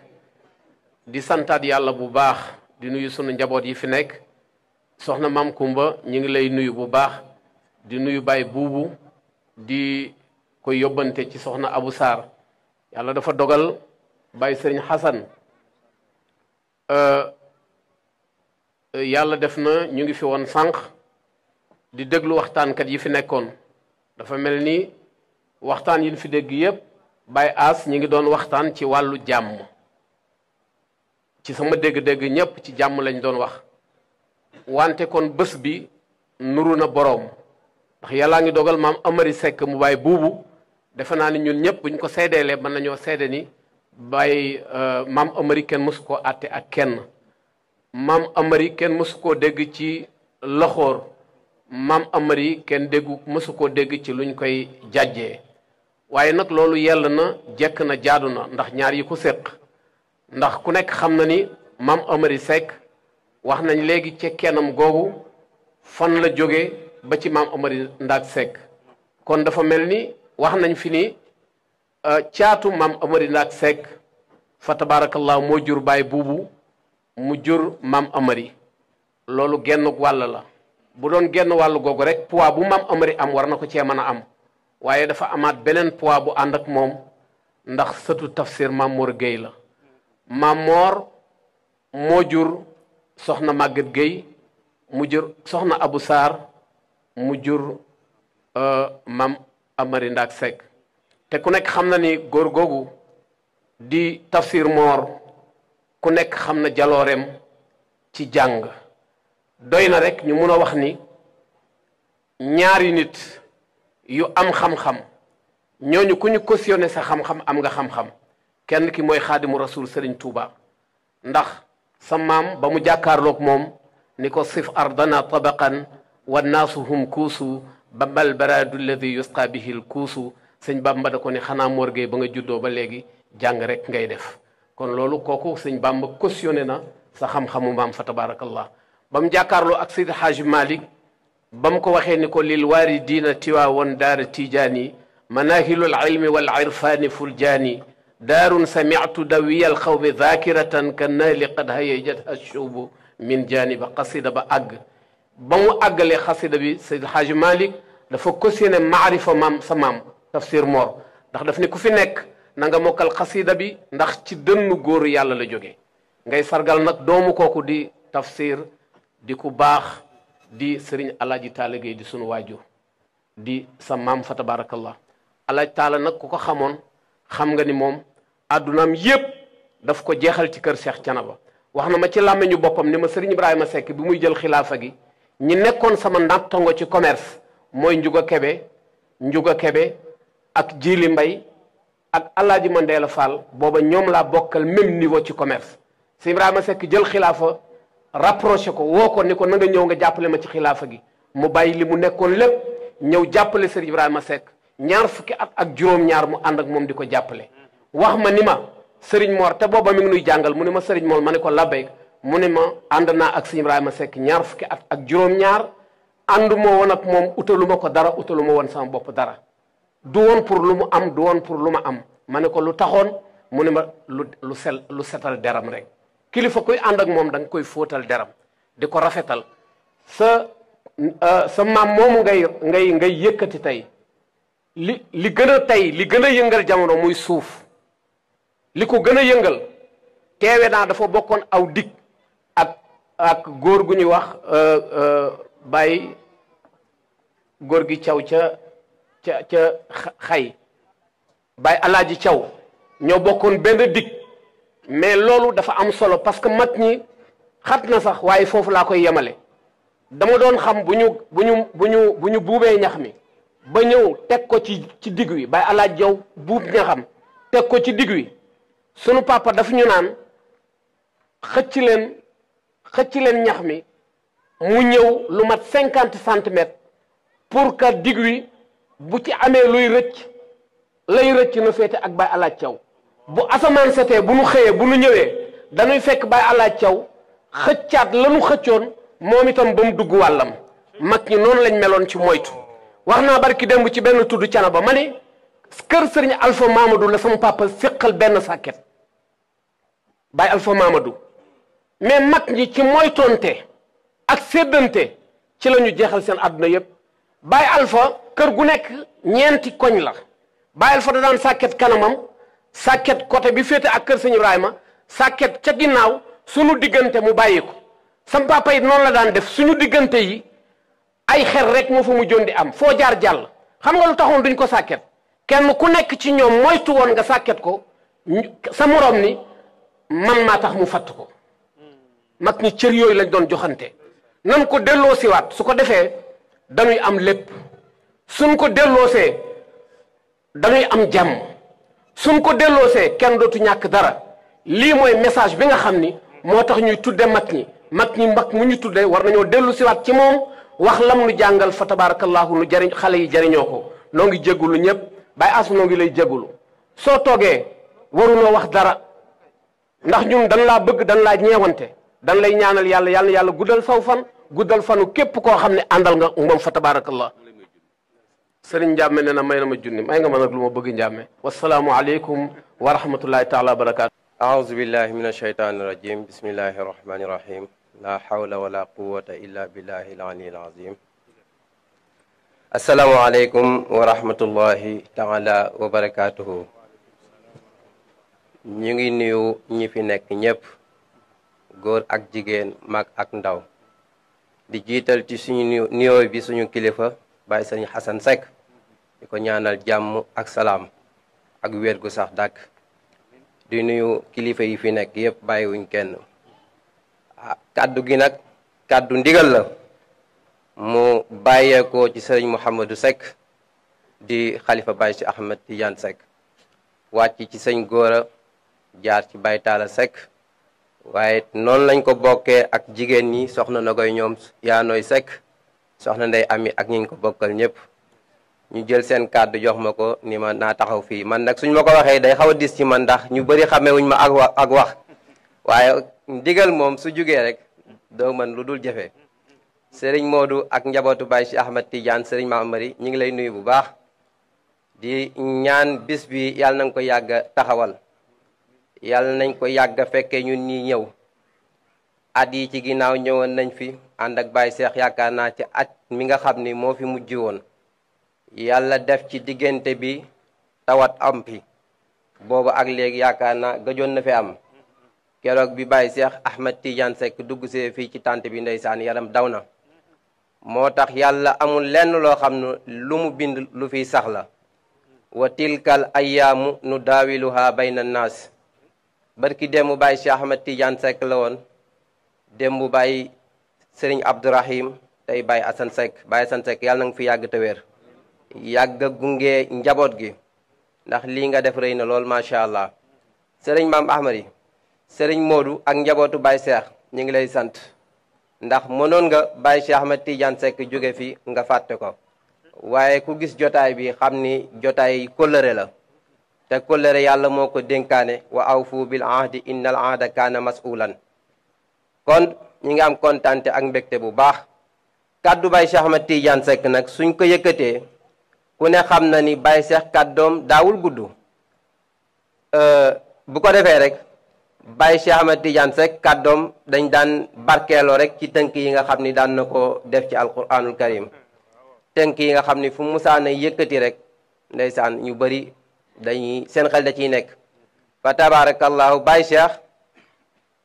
di santaat yàlla bu baax di nuyu sunu njaboot yi fi nekk soxna maam Kumba ñu ngi lay nuyu bu baax di nuyu baay buubu di ko yóbbante ci soxna Abu Sarr yàlla dafa dogal baay sëriñ Xasan euh, euh, yàlla def na ñu ngi fi woon sànq di déglu waxtaankat yi fi nekkoon dafa mel ni waxtaan yi ñu fi dégg yépp baay aas ñu ngi doon waxtaan ci wàllu jàmm ci sama dégg-dégg ñépp ci jàmm lañ doon wax wante kon bés bi nuru na boroom ndax yàllaa ngi dogal maam Amari sekk mu bàyyi buubu defe naa ni ñun ñëpp buñ ko seedeelee mën nañoo seede ni bàyyi euh, maam Amari kenn mësu koo àtte ak kenn maam Amari kenn mësu koo dégg ci loxoor maam Amari kenn déggu mësu koo dégg ci luñ koy jàjjee waaye nag loolu yell na jekk na jaadu na ndax ñaar yi ko séq ndax ku nekk xam na ni maam Amari Seck wax nañ léegi ci kennam googu fan la jóge ba ci maam Amari Ndaak Seck kon dafa mel ni wax nañ fi ni euh, caatu maam Amari Ndaak Seck fa tabaarakallaahu moo jur baay buubu mu jur maam Amari loolu genn wàll la bu doon genn wàll googu rek poids bu maam Amari am war na ko cee mën a am waaye dafa amaat beneen poids bu ànd ak moom ndax sëtu tafsir Mamoor Gueye la Mamoor moo jur soxna màgget Gueye mu jur soxna abu Sarr mu jur euh, mam Amari Ndaak Seck te ku nekk xam na ni góor googu di tafsir moor ku nekk xam na jalooreem ci jàng doy na rek ñu mun a wax ni ñaari nit yu am xam-xam ñooñu ku ñu cautionné sa xam-xam am nga xam-xam kenn ki mooy mu rasul Serigne Touba ndax sa maam ba mu jàkkaarlook moom ni ko sif ardana tabaqan wa naasu hum kuusu bambal baradu lladi yusqa bihi l kuusu sëñ bàmba da ko ne xanaa morgue ba nga juddoo ba léegi jàng rek ngay def kon loolu kooku sëñ bàmba cautionné na sa xam-xamu maam fa tabarakallah ba mu jàkkaarloo ak Seydi Haaji Malik ba mu ko waxee ni ko lil waari diina tiwaawoon daara tijaani manahilul ilmi wal irfaani fuljaani دار سمعت دوي الخوف ذاكرة كالنيل قد هيجت الشوب من جانب قصيدة بأق بمو أق لخصيدة بي سيد الحاج مالك لفكسين معرفة مام سمام تفسير مور داخل دفني كوفي نك نانغا موك القصيدة بي داخل تدن غور يالا لجوغي نغي سرغل نك دومو كوكو دي تفسير دي كوباخ دي سرين الله جي تالي دي سن واجو دي سمام فتبارك الله الله تعالى نك كوكو خمون xam nga addunaam yépp dafa ko jeexal ci kër Cheikh Thiénaba wax na ma ci làmmiñu boppam ni ma sëriñ Ibrahima Seck bi muy jël xilaafa gi ñu nekkoon sama nattango ci commerce mooy Njuga Kebe Njuga Kebe ak Jili Mbay ak Alaaji Mandela Fall booba ñoom laa bokkal même niveau ci commerce si Ibrahima Seck jël xilaafa rapproché ko woo ko ni ko na ñëw nga jàppale ma ci xilaafa gi mu bàyyi li mu nekkoon lépp ñëw jàppale sëriñ Ibrahima sekk ñaar fukki at ak juróom-ñaar ànd ak moom di ko jàppale wax ma ni ma sëriñ moor te booba mi ngi nuy jàngal mu ne ma sëriñ moor ma ne ma ak serigne ibrahima sek ñaar fukki at ak juroom ñaar andu mo won ak mom utalu ko dara utalu won sama bop dara du won pour lu mu am du won pour lu ma am maniko ko lu taxone munima lu lu sel lu setal deram rek kilifa koy and ak mom dang koy fotal deram diko rafetal sa euh, sa mam mom ngay ngay ngay yekati tay li li gën tay li gën yëngal jamono muy souf li ko gën a yëngal teewe naa dafa bokkoon aw dig ak ak góor gu ñuy wax euh, euh, bàyyi góor gi caw ca ca ca xay bàyyi alaaji caw ñoo bokkoon benn dikk mais loolu dafa am solo parce que mag ñi xat na sax waaye foofu laa koy yemale dama doon xam bu ñu buubee ñax mi ba ñëw teg ko ci ci digg wi bàyyi alaaj jaw buub ñaxam teg ko ci digg wi sunu papa daf ñu naan xëcc leen xëcc leen ñax mi mu ñëw lu mat cinquante centimètres pour que dig wi bu ci amee luy rëcc lay rëcc na féete ak Baye Alaaj Thiaw bu asamaan setee bu nu xëyee bu nu ñëwee dañuy fekk Baye Alaaj caw xëccaat lanu xëccoon moom itam ba mu dugg wàllam mag ñi noonu lañ meloon ci moytu wax naa barki démb ci benn tudd cana ba ma kër sëriñ Alpha Mamadou la sama papa séqal benn sàkket bàyyi Alpha Mamadou mais mag ñi ci moytonte ak séddante ci la ñu jeexal seen àdduna yépp bàyyi Alpha kër gu nekk ñeenti koñ la bàyyi Alpha da daan sàkket kanamam sàkket côté bi féete ak kër sëñ Ibrahima sàkket ca ginnaaw suñu diggante mu bàyyi ko sama yi noonu la daan def suñu diggante yi ay xer rek moo fa mu jondi am foo jaar jàll xam nga lu taxoon duñ ko sàkket kenn ku nekk ci ñoom moytu woon nga sàkket ko sa moroom ni man maa tax mu fatt ko mag ñi cër yooyu lañ doon joxante nan ko delloo siwaat su ko defee dañuy am lépp suñ ko delloosee dañuy am jàmm suñ ko delloosee kenn dootu ñàkk dara lii mooy message bi nga xam ni moo tax ñuy tudde mag ñi mag ñi mag mu ñu tudde war nañoo dellu siwaat ci moom wax lam nu jàngal fa tabaarakallaahu nu jariñ xale yi jariñoo ko noo ngi jéggulu ñëpp Baye Assou noo ngi lay jégalu soo toogee warunoo wax dara ndax ñun dañ laa bëgg dan laa ñeewante dan lay ñaanal yàlla yàlla yàlla guddal saw fan guddal fanu képp koo xam ne àndal nga moom fa tabaarakallah sëriñ Ndiame nee na may na ma junni may nga ma nag lu ma bëgg Ndiame wasalaamu aleykum wa rahmatullahi taala wa barakaatu aouzu billahi min ashaytaani rajim bismillahi rahmani rahim la hawla wala quwata illa billahi al azim asalaamualeykum wa rahmatullahi taala wa ñu ngi nuyu ñi fi nekk ñëpp góor ak jigéen mag ak ndaw di jiital ci suñu nuyoo bi suñu kilifa bàyyi sëñ Xasan Seck di ko ñaanal jàmm ak salaam ak wér gu sax dàkk di nuyu kilifa yi fi nekk yëpp bàyyiwuñ kenn ah kàddu gi nag kàddu ndigal la mu bàyyeekoo ci sëriñ Mouhamadou Seck di xalifa Baye ci Ahmed Tidiane Seck wàcc ci sëñ Gora jaar ci Baye Talla Seck waaye noonu lañ ko bokkee ak jigéen ñi soxna na koy ñoom yaanooy sekk soxna ndey ami ak ñi ñu ko bokkal ñépp ñu jël seen kàddu jox ma ko ni ma naa taxaw fii man nag suñ ma ko waxee day xaw a dis ci man ndax ñu bëri xamewuñ ma ak wax ak wax waaye ndigal moom su jugee rek doo man lu dul jafe. sëriñ Modou ak njabootu Baye Cheikh Ahmed Tidiane sëriñ Mahamari ñu ngi lay nuyu bu baax di ñaan bis bi yàlla nañ ko yàgg taxawal yàlla nañ ko yàgg fekke ñu ñi ñëw at yi ci ginnaaw ñëwoon nañ fi ànd ak bay seex yaakaar naa ci at mi nga xam ni moo fi mujj woon yàlla def ci diggante bi tawat am fi boobu ak léegi yaakaar naa gëjoon na fi am keroog bi Baye Cheikh Ahmed Tidiane Seck dugg see fii ci tànt bi ndeysaan yaram daw na moo tax yàlla amul lenn loo xam ne lu mu bind lu fiy sax la wa tilkal ayaamu nu bay bayna naas ki démb bàyyi Cheikh Ahmed Tidiane Seck la woon démb bàyyi Sëriñ Abdourahim tey bàyyi Assane Seck bàyyi Assane Seck yàlla na nga fi yàgg te wér yàgg a gunge njaboot gi ndax lii nga def rey na lool macha allah sëriñ maam Ahmad sëriñ Modou ak njabootu Baye Cheikh ñu ngi lay sant ndax mënoon nga bàyyi Cheikh ma Tidiane Seck jóge fii nga fàtte ko waaye ku gis jotaay bi xam ni jotaay kóllëre la te kóllëre yàlla moo ko dénkaane wa aw awfu bil ahdi innal ahda kaana masulan kon ñu ngi am kontante ak mbégte bu baax kàddu bay Cheikh ma Tidiane sekk nag suñ ko yëkkatee ku ne xam na ni Baye Cheikh kàddoom daawul gudd euh, bu ko defee rekk bay Cheikh Ahmed Tidiane sek kaddom dañ dan barkelo rek ci tanki yi nga xamni dan nako def ci alquranul karim tanki yi nga xamni fu musa ne yëkkati rek ndaysan ñu bari dañi seen xel da ci nek fa tabarakallah bay Cheikh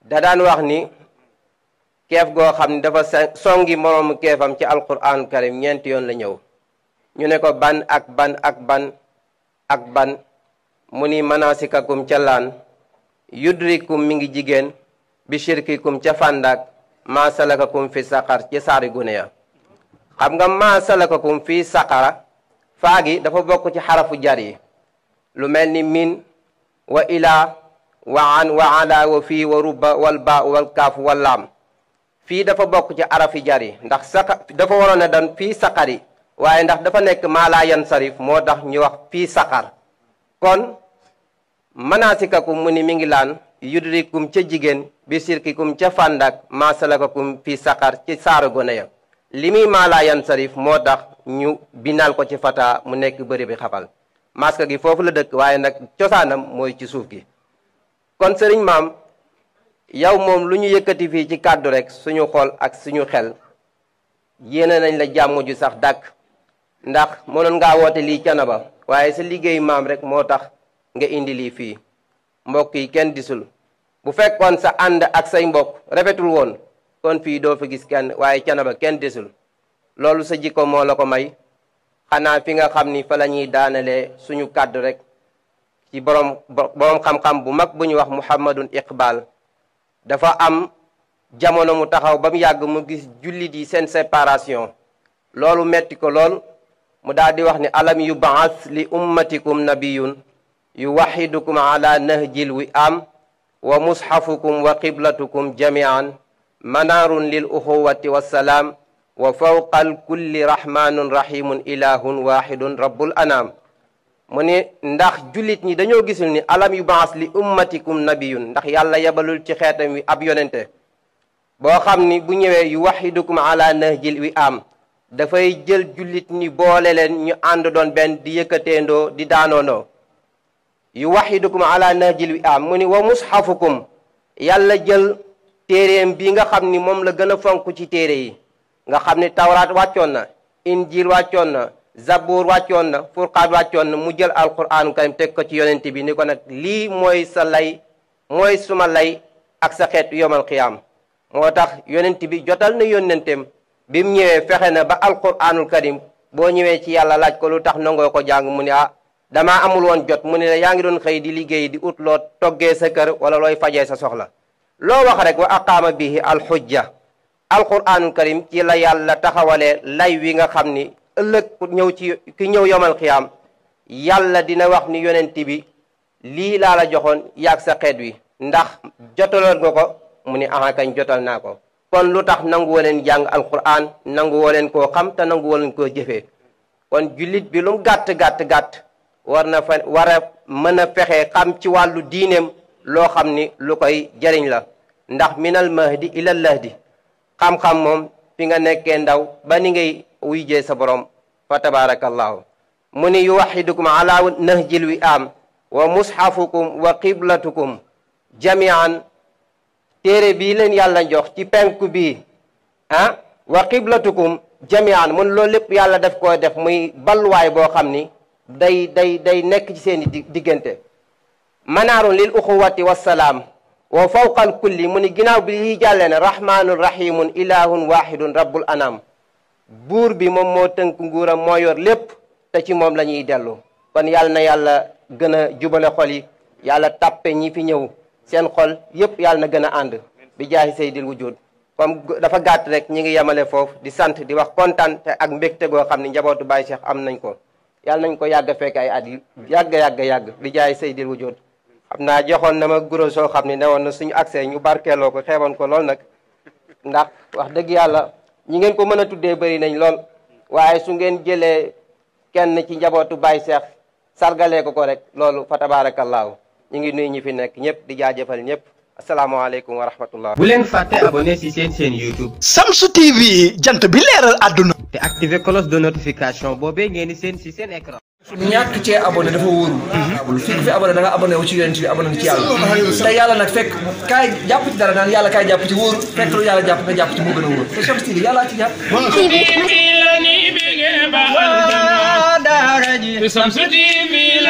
da dan wax ni kef go xamni dafa songi morom kefam ci alquranul karim ñent yon la ñew ñu ne ko ban ak ban ak ban ak ban muni manasikakum yudrikum mi ngi jigéen bi shirkikum ca fàndaak maa salakakum fi saqar ca saari gune ya xam nga maa salakakum fi saqara faagi dafa bokk ci xarafu jar yi lu mel ni min wa ilaa wa an wa ala wa fii wa ruba wal ba wal kaafu laam fii dafa bokk ci arafi jar yi ndax saqa dafa waroon ne dan fii saqari waaye ndax dafa nekk maa laa moo tax ñu wax fii saqar kon manaasikakum mu ni mu ngi laan yudrikum ca jigéen bi sirkikum ca fàndak maasalakakum fi saqar ci saaru gone ya li muy maalaa yan sarif moo tax ñu binaal ko ci fata mu nekk bëri bi xafal maska gi foofu la dëkk waaye nag cosaanam mooy ci suuf gi kon sëriñ maam yow moom lu ñu yëkkati fii ci kàddu rekk suñu xool ak suñu xel yéene nañ la jàmm ju sax dàkk ndax mënoon ngaa woote lii cana ba waaye sa liggéey maam rek moo tax nga indi li fi mbokk yi kenn disul bu fekkoon sa ànd ak say mbokk rafetul woon kon fii doo fa gis kenn waaye canaba kenn disul loolu sa jikko moo la ko may xanaa fi nga xam ni fa la ñuy daanalee suñu kàddu rek ci borom borom xam-xam bu mag bu wax Muhammadun Iqbal dafa am jamono mu taxaw ba mu yàgg mu gis jullit yi seen séparation loolu metti ko lool mu daal wax ni alam baas li ummatikum nabiyun yuwaxidukum ala nahjil wi am wa musxafukum wa qiblatukum jamian manaarun lil uxuwati wassalaam wa fawqal kulli rahmanun rahimun ilahun waxidun rabbul anaam mu ni ndax jullit ñi dañoo gisul ni alam yu baas li ummatikum nabiyun ndax yàlla yabalul ci xeetam wi ab yonente boo xam ni bu ñëwee yuwaxidukum ala nahjil wi am dafay jël jullit ñi boole leen ñu ànd doon benn di yëkkateendoo di daanoondoo yu yuwaxidukum ala nahjil wi am mu ni wa musxafukum yàlla jël téeréem bi nga xam ni moom la gën a fonk ci téere yi nga xam ni tawraat wàccoon na injil wàccoon na zabuur wàccoon na furqaan wàccoon na mu jël alquraan karim teg ko ci yonent bi ni ko nag lii mooy sa lay mooy suma lay ak sa xeet yowmal qiyaam moo tax yonent bi jotal na yónnenteem bi mu ñëwee fexe na ba alquraanul karim boo ñëwee ci yàlla laaj ko lu tax nangoo ko jàng mu ah, damaa amul woon jot mu ne la yaa ngi doon xëy di liggéey di ut loo toggee sa kër wala looy fajee sa soxla loo wax rek wa bi bihi alxujja alquranul karim ci la yàlla taxawalee lay wi nga xam ni ëllëg ku ñëw ci ki ñëw yomal xiyaam yàlla dina wax ni yonent bi lii laa la joxoon yaag sa xeet wi ndax jotaloon nga ko mu ne aha kañ jotal naa ko kon lu tax nanguwoo leen jàng alquran nanguwoo leen koo xam te nanguwoo leen koo jëfee kon jullit bi lu gàtt gàtt gàtt war na war a mën a fexe xam ci wàllu diineem loo xam ni lu koy jariñ la ndax minal mahdi ilal lahdi xam-xam moom fi nga nekkee ndaw ba ni ngay wuy sa borom fa tabarakallahu mu ni yuwaxidukum ala nahjil wi am wa musxafukum wa qiblatukum jamian téere bi leen yàlla jox ci penk bi ah wa qiblatukum jamian mun loolu lépp yàlla def koo def muy balluwaay boo xam ni day day day nekk ci seeni i diggante manaarun lil uxuwati wassalaam wa fawqa al kulli mu ni ginnaaw bi lii jàllee ne rahmaanun rahimun ilahun wahidun rabbul anaam buur bi moom moo tënk nguuram moo yor lépp te ci moom la ñuy dellu kon yàlla na yàlla gën a jubale xol yi yàlla tàppe ñi fi ñëw seen xol yépp yàlla na gën a ànd bi jaahi sayyidil wujud comme dafa gàtt rek ñi ngi yemale foofu di sant di wax kontaan te ak mbégte goo xam ne njabootu Baye Cheikh am nañ ko yàlla nañ ko yàgg fekk ay at yi yàgg yàgg yàgg bi jaay Seydil Wujud xam naa joxoon na ma guro soo xam ne ne woon na suñu accès ñu barkeeloo ko xeeboon ko lool nag ndax wax dëgg yàlla ñi ngeen ko mën a tuddee bari nañ lool waaye su ngeen jëlee kenn ci njabootu Baye Cheikh sargalee ko ko rek loolu fa tabaarakallaahu ñu ngi nuyu ñi fi nekk ñëpp di jaajëfal ñëpp asalaamaaleykum wa rahmatullah bu leen fàtte abonné ci seen seen YouTube. Samsu TV jant bi leeral àdduna. te activé cloche de notification boobee ngeen di seen ci seen écran. ñàkk cee abonné dafa wóorul. fekk fi abonné da nga abonné wu ci yonent bi abonné ci yàlla. te yàlla nag fekk kaay jàpp ci dara naan yàlla kaay jàpp ci wóor. fekk lu yàlla jàpp nga jàpp ci moo gën a wóor te Samsu TV yàllaa ci jàpp. bégee waa daara ji Shamsu TV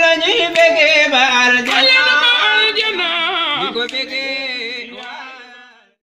la ñuy bégee